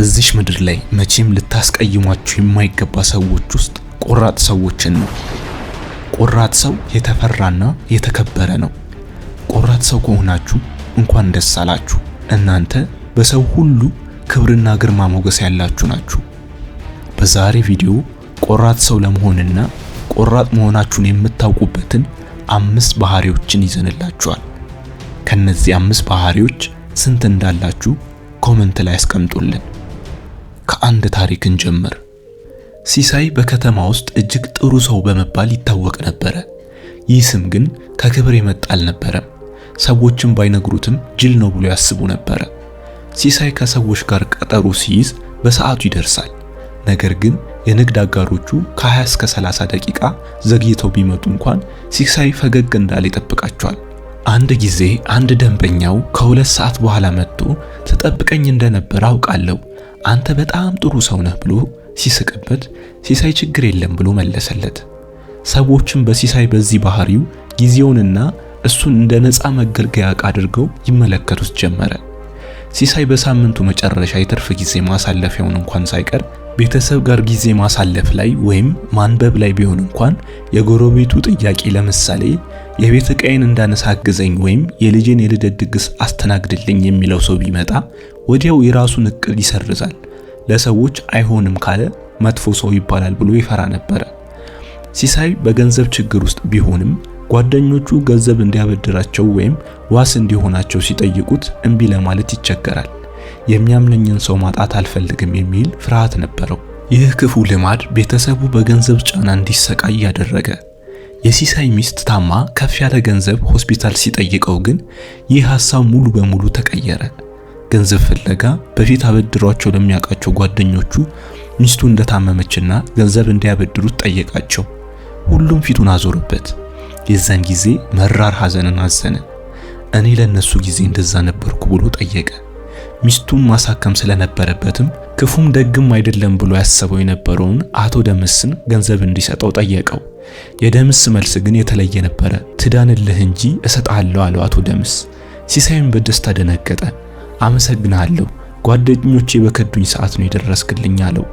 እዚሽ ምድር ላይ መቼም ልታስቀይሟችሁ የማይገባ ሰዎች ውስጥ ቆራጥ ሰዎችን ነው። ቆራጥ ሰው የተፈራና የተከበረ ነው። ቆራጥ ሰው ከሆናችሁ እንኳን ደስ አላችሁ። እናንተ በሰው ሁሉ ክብርና ግርማ ሞገስ ያላችሁ ናችሁ። በዛሬ ቪዲዮ ቆራጥ ሰው ለመሆንና ቆራጥ መሆናችሁን የምታውቁበትን አምስት ባህሪዎችን ይዘንላችኋል። ከነዚህ አምስት ባህሪዎች ስንት እንዳላችሁ ኮመንት ላይ አስቀምጡልን። ከአንድ ታሪክን ጀምር። ሲሳይ በከተማ ውስጥ እጅግ ጥሩ ሰው በመባል ይታወቅ ነበረ። ይህ ስም ግን ከክብር የመጣ አልነበረም። ሰዎችም ባይነግሩትም ጅል ነው ብሎ ያስቡ ነበረ። ሲሳይ ከሰዎች ጋር ቀጠሮ ሲይዝ በሰዓቱ ይደርሳል። ነገር ግን የንግድ አጋሮቹ ከ20 እስከ 30 ደቂቃ ዘግይተው ቢመጡ እንኳን ሲሳይ ፈገግ እንዳለ ይጠብቃቸዋል። አንድ ጊዜ አንድ ደንበኛው ከሁለት ሰዓት በኋላ መጥቶ ትጠብቀኝ እንደነበረ አውቃለሁ አንተ በጣም ጥሩ ሰው ነህ ብሎ ሲስቅበት ሲሳይ ችግር የለም ብሎ መለሰለት። ሰዎችም በሲሳይ በዚህ ባህሪው ጊዜውንና እሱን እንደ ነፃ መገልገያ ዕቃ አድርገው ይመለከቱት ጀመረ። ሲሳይ በሳምንቱ መጨረሻ የትርፍ ጊዜ ማሳለፊያውን እንኳን ሳይቀር ቤተሰብ ጋር ጊዜ ማሳለፍ ላይ ወይም ማንበብ ላይ ቢሆን እንኳን የጎረቤቱ ጥያቄ ለምሳሌ የቤት ዕቃዬን እንዳነሳ አግዘኝ ወይም የልጄን የልደት ድግስ አስተናግድልኝ የሚለው ሰው ቢመጣ ወዲያው የራሱን እቅድ ይሰርዛል። ለሰዎች አይሆንም ካለ መጥፎ ሰው ይባላል ብሎ ይፈራ ነበረ። ሲሳይ በገንዘብ ችግር ውስጥ ቢሆንም ጓደኞቹ ገንዘብ እንዲያበድራቸው ወይም ዋስ እንዲሆናቸው ሲጠይቁት እምቢ ለማለት ይቸገራል። የሚያምነኝን ሰው ማጣት አልፈልግም የሚል ፍርሃት ነበረው። ይህ ክፉ ልማድ ቤተሰቡ በገንዘብ ጫና እንዲሰቃይ ያደረገ። የሲሳይ ሚስት ታማ ከፍ ያለ ገንዘብ ሆስፒታል ሲጠይቀው ግን ይህ ሐሳብ ሙሉ በሙሉ ተቀየረ። ገንዘብ ፍለጋ በፊት አበድሯቸው ለሚያውቃቸው ጓደኞቹ ሚስቱ እንደታመመችና ገንዘብ እንዲያበድሩት ጠየቃቸው። ሁሉም ፊቱን አዞረበት። የዛን ጊዜ መራር ሐዘንን አዘነ። እኔ ለነሱ ጊዜ እንደዛ ነበርኩ ብሎ ጠየቀ። ሚስቱም ማሳከም ስለነበረበትም ክፉም ደግም አይደለም ብሎ ያሰበው የነበረውን አቶ ደምስን ገንዘብ እንዲሰጠው ጠየቀው። የደምስ መልስ ግን የተለየ ነበረ። ትዳንልህ እንጂ እሰጥሃለሁ አለው አቶ ደምስ። ሲሳይም በደስታ ደነገጠ። አመሰግናለሁ፣ ጓደኞቼ በከዱኝ ሰዓት ነው የደረስክልኝ አለው።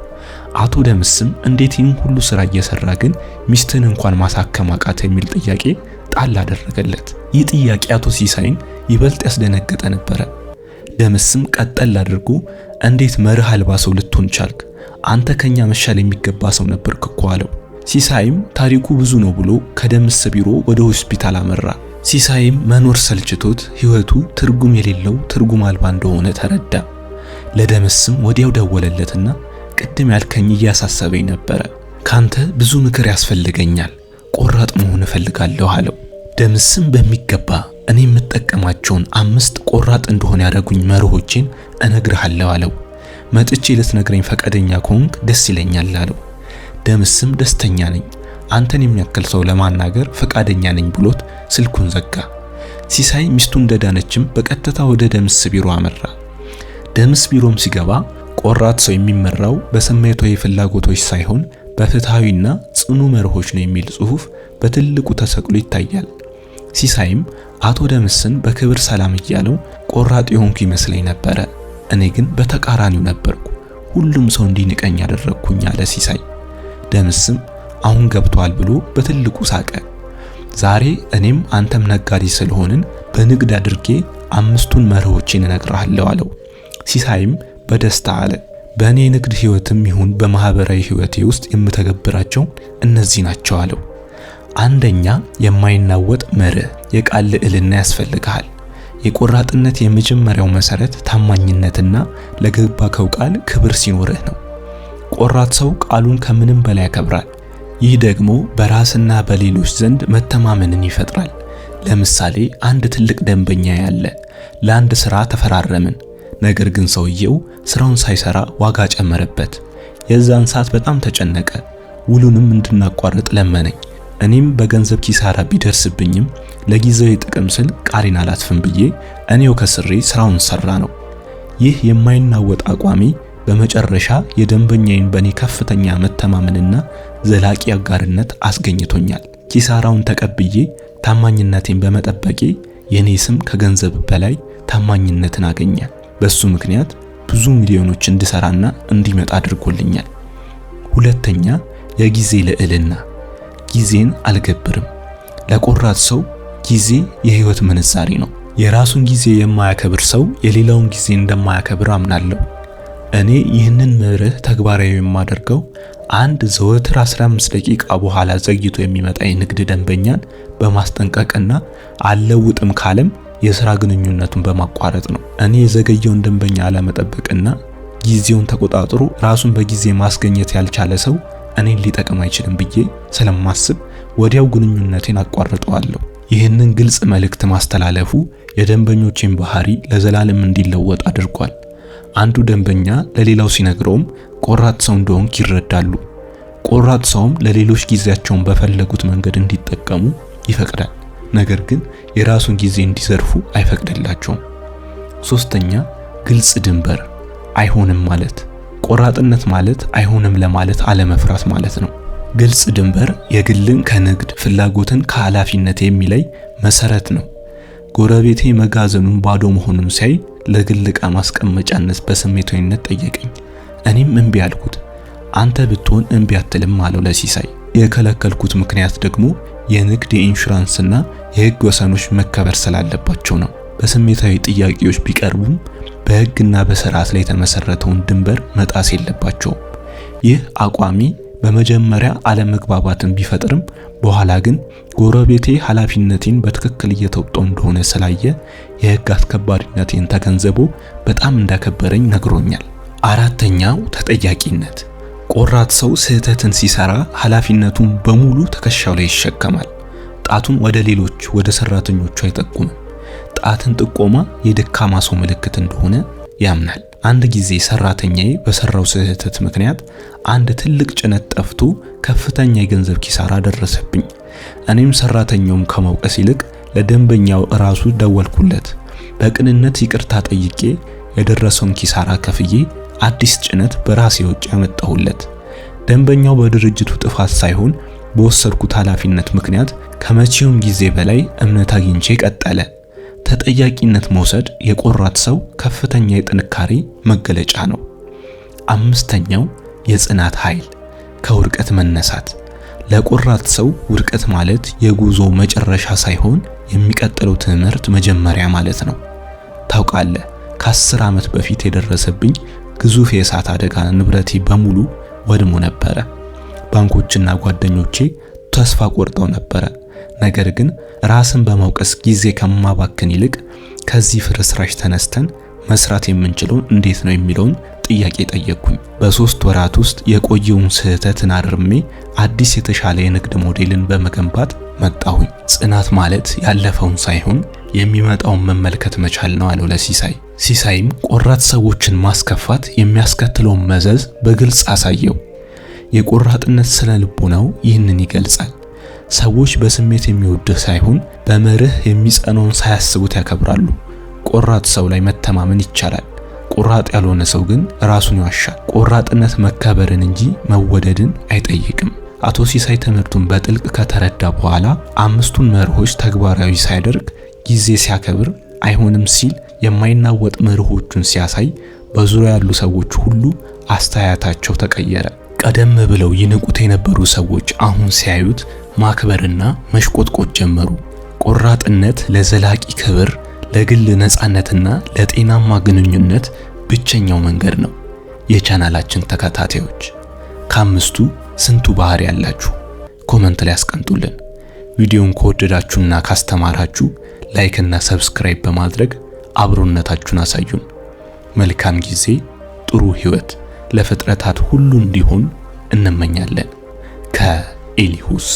አቶ ደምስም እንዴት ይህን ሁሉ ስራ እየሰራ ግን ሚስትን እንኳን ማሳከም አቃተ የሚል ጥያቄ ጣል አደረገለት። ይህ ጥያቄ አቶ ሲሳይን ይበልጥ ያስደነገጠ ነበረ። ደምስም ቀጠል አድርጎ እንዴት መርህ አልባ ሰው ልትሆን ቻልክ? አንተ ከኛ መሻል የሚገባ ሰው ነበርክ እኮ አለው። ሲሳይም ታሪኩ ብዙ ነው ብሎ ከደምስ ቢሮ ወደ ሆስፒታል አመራ። ሲሳይም መኖር ሰልችቶት ህይወቱ ትርጉም የሌለው ትርጉም አልባ እንደሆነ ተረዳ። ለደምስም ወዲያው ደወለለትና ቅድም ያልከኝ እያሳሰበኝ ነበረ። ካንተ ብዙ ምክር ያስፈልገኛል፣ ቆራጥ መሆን እፈልጋለሁ አለው። ደምስም በሚገባ እኔ የምጠቀማቸውን አምስት ቆራጥ እንደሆነ ያደረጉኝ መርሆቼን እነግርሃለሁ አለው። መጥቼ ልትነግረኝ ፈቃደኛ ከሆንክ ደስ ይለኛል አለው። ደምስም ደስተኛ ነኝ፣ አንተን የሚያክል ሰው ለማናገር ፈቃደኛ ነኝ ብሎት ስልኩን ዘጋ። ሲሳይ ሚስቱ እንደዳነችም በቀጥታ ወደ ደምስ ቢሮ አመራ። ደምስ ቢሮም ሲገባ ቆራጥ ሰው የሚመራው በስሜታዊ ፍላጎቶች ሳይሆን በፍትሐዊና ጽኑ መርሆች ነው የሚል ጽሑፍ በትልቁ ተሰቅሎ ይታያል። ሲሳይም አቶ ደምስን በክብር ሰላም እያለው ቆራጥ የሆንኩ ይመስለኝ ነበረ፣ እኔ ግን በተቃራኒው ነበርኩ፣ ሁሉም ሰው እንዲንቀኝ ያደረግኩኝ አለ ሲሳይ። ደምስም አሁን ገብቷል ብሎ በትልቁ ሳቀ። ዛሬ እኔም አንተም ነጋዴ ስለሆንን በንግድ አድርጌ አምስቱን መርሆችን እነግርሃለሁ አለው። ሲሳይም በደስታ አለ። በእኔ ንግድ ህይወትም ይሁን በማህበራዊ ህይወቴ ውስጥ የምተገብራቸው እነዚህ ናቸው አለው። አንደኛ የማይናወጥ መርህ፣ የቃል ልዕልና ያስፈልግሃል። የቆራጥነት የመጀመሪያው መሰረት ታማኝነትና ለገባከው ቃል ክብር ሲኖርህ ነው። ቆራጥ ሰው ቃሉን ከምንም በላይ ያከብራል። ይህ ደግሞ በራስና በሌሎች ዘንድ መተማመንን ይፈጥራል። ለምሳሌ አንድ ትልቅ ደንበኛ ያለ ለአንድ ስራ ተፈራረምን። ነገር ግን ሰውየው ስራውን ሳይሰራ ዋጋ ጨመረበት። የዛን ሰዓት በጣም ተጨነቀ። ውሉንም እንድናቋርጥ ለመነኝ። እኔም በገንዘብ ኪሳራ ቢደርስብኝም ለጊዜው ጥቅም ስል ቃሌን አላጥፍም ብዬ እኔው ከስሬ ስራውን ሰራ ነው። ይህ የማይናወጥ አቋሚ በመጨረሻ የደንበኛዬን በእኔ ከፍተኛ መተማመንና ዘላቂ አጋርነት አስገኝቶኛል። ኪሳራውን ተቀብዬ ታማኝነቴን በመጠበቄ የኔ ስም ከገንዘብ በላይ ታማኝነትን አገኛል። በሱ ምክንያት ብዙ ሚሊዮኖች እንድሰራና እንዲመጣ አድርጎልኛል። ሁለተኛ የጊዜ ልዕልና፣ ጊዜን አልገብርም። ለቆራጥ ሰው ጊዜ የህይወት ምንዛሪ ነው። የራሱን ጊዜ የማያከብር ሰው የሌላውን ጊዜ እንደማያከብር አምናለሁ። እኔ ይህንን መርህ ተግባራዊ የማደርገው አንድ ዘወትር 15 ደቂቃ በኋላ ዘግይቶ የሚመጣ የንግድ ደንበኛን በማስጠንቀቅና አልለውጥም ካለም የስራ ግንኙነቱን በማቋረጥ ነው። እኔ የዘገየውን ደንበኛ አለመጠበቅና ጊዜውን ተቆጣጥሮ ራሱን በጊዜ ማስገኘት ያልቻለ ሰው እኔን ሊጠቅም አይችልም ብዬ ስለማስብ ወዲያው ግንኙነቴን አቋርጠዋለሁ። ይህንን ግልጽ መልእክት ማስተላለፉ የደንበኞቼን ባህሪ ለዘላለም እንዲለወጥ አድርጓል። አንዱ ደንበኛ ለሌላው ሲነግረውም ቆራጥ ሰው እንደሆንክ ይረዳሉ። ቆራጥ ሰውም ለሌሎች ጊዜያቸውን በፈለጉት መንገድ እንዲጠቀሙ ይፈቅዳል። ነገር ግን የራሱን ጊዜ እንዲዘርፉ አይፈቅድላቸውም። ሶስተኛ ግልጽ ድንበር አይሆንም ማለት ቆራጥነት ማለት አይሆንም ለማለት አለመፍራት ማለት ነው። ግልጽ ድንበር የግልን ከንግድ ፍላጎትን ከኃላፊነት የሚለይ መሰረት ነው። ጎረቤቴ መጋዘኑን ባዶ መሆኑን ሲያይ ለግል ዕቃ ማስቀመጫነት በስሜታዊነት ጠየቀኝ። እኔም እምቢ አልኩት። አንተ ብትሆን እምቢ አትልም አለው ለሲሳይ። የከለከልኩት ምክንያት ደግሞ የንግድ የኢንሹራንስና የህግ ወሰኖች መከበር ስላለባቸው ነው። በስሜታዊ ጥያቄዎች ቢቀርቡም በህግና በስርዓት ላይ የተመሰረተውን ድንበር መጣስ የለባቸውም። ይህ አቋሚ በመጀመሪያ አለመግባባትን ቢፈጥርም በኋላ ግን ጎረቤቴ ኃላፊነቴን በትክክል እየተወጣው እንደሆነ ስላየ የህግ አስከባሪነቴን ተገንዘቦ በጣም እንዳከበረኝ ነግሮኛል። አራተኛው ተጠያቂነት ቆራት ሰው ስህተትን ሲሰራ ኃላፊነቱን በሙሉ ትከሻው ላይ ይሸከማል። ጣቱን ወደ ሌሎች ወደ ሰራተኞቹ አይጠቁምም። ጣትን ጥቆማ የደካማ ሰው ምልክት እንደሆነ ያምናል። አንድ ጊዜ ሰራተኛዬ በሰራው ስህተት ምክንያት አንድ ትልቅ ጭነት ጠፍቶ ከፍተኛ የገንዘብ ኪሳራ ደረሰብኝ። እኔም ሰራተኛውም ከመውቀስ ይልቅ ለደንበኛው ራሱ ደወልኩለት። በቅንነት ይቅርታ ጠይቄ የደረሰውን ኪሳራ ከፍዬ አዲስ ጭነት በራሴ ወጪ ያመጣሁለት። ደንበኛው በድርጅቱ ጥፋት ሳይሆን በወሰድኩት ኃላፊነት ምክንያት ከመቼውም ጊዜ በላይ እምነት አግኝቼ ቀጠለ። ተጠያቂነት መውሰድ የቆራት ሰው ከፍተኛ የጥንካሬ መገለጫ ነው። አምስተኛው የጽናት ኃይል፣ ከውድቀት መነሳት። ለቆራት ሰው ውድቀት ማለት የጉዞ መጨረሻ ሳይሆን የሚቀጥለው ትምህርት መጀመሪያ ማለት ነው። ታውቃለህ ከአስር ዓመት በፊት የደረሰብኝ ግዙፍ የእሳት አደጋ ንብረቴ በሙሉ ወድሞ ነበረ። ባንኮችና ጓደኞቼ ተስፋ ቆርጠው ነበረ። ነገር ግን ራስን በመውቀስ ጊዜ ከማባከን ይልቅ ከዚህ ፍርስራሽ ተነስተን መስራት የምንችለውን እንዴት ነው የሚለውን ጥያቄ ጠየቅኩኝ። በሶስት ወራት ውስጥ የቆየውን ስህተትን አርሜ አዲስ የተሻለ የንግድ ሞዴልን በመገንባት መጣሁኝ። ጽናት ማለት ያለፈውን ሳይሆን የሚመጣውን መመልከት መቻል ነው አለው ለሲሳይ። ሲሳይም ቆራጥ ሰዎችን ማስከፋት የሚያስከትለውን መዘዝ በግልጽ አሳየው። የቆራጥነት ስነ ልቦናው ይህንን ይገልጻል። ሰዎች በስሜት የሚወድህ ሳይሆን በመርህ የሚጸነውን ሳያስቡት ያከብራሉ። ቆራጥ ሰው ላይ መተማመን ይቻላል። ቆራጥ ያልሆነ ሰው ግን ራሱን ይዋሻል። ቆራጥነት መከበርን እንጂ መወደድን አይጠይቅም። አቶ ሲሳይ ትምህርቱን በጥልቅ ከተረዳ በኋላ አምስቱን መርሆች ተግባራዊ ሳያደርግ ጊዜ ሲያከብር አይሆንም ሲል የማይናወጥ መርሆቹን ሲያሳይ በዙሪያ ያሉ ሰዎች ሁሉ አስተያየታቸው ተቀየረ። ቀደም ብለው ይንቁት የነበሩ ሰዎች አሁን ሲያዩት ማክበርና መሽቆጥቆጥ ጀመሩ። ቆራጥነት ለዘላቂ ክብር ለግል ነፃነትና ለጤናማ ግንኙነት ብቸኛው መንገድ ነው። የቻናላችን ተከታታዮች ከአምስቱ ስንቱ ባህሪ ያላችሁ? ኮመንት ላይ አስቀምጡልን። ቪዲዮውን ከወደዳችሁና ካስተማራችሁ ላይክ እና ሰብስክራይብ በማድረግ አብሮነታችሁን አሳዩን። መልካም ጊዜ፣ ጥሩ ህይወት ለፍጥረታት ሁሉ እንዲሆን እንመኛለን። ከኤሊሁስ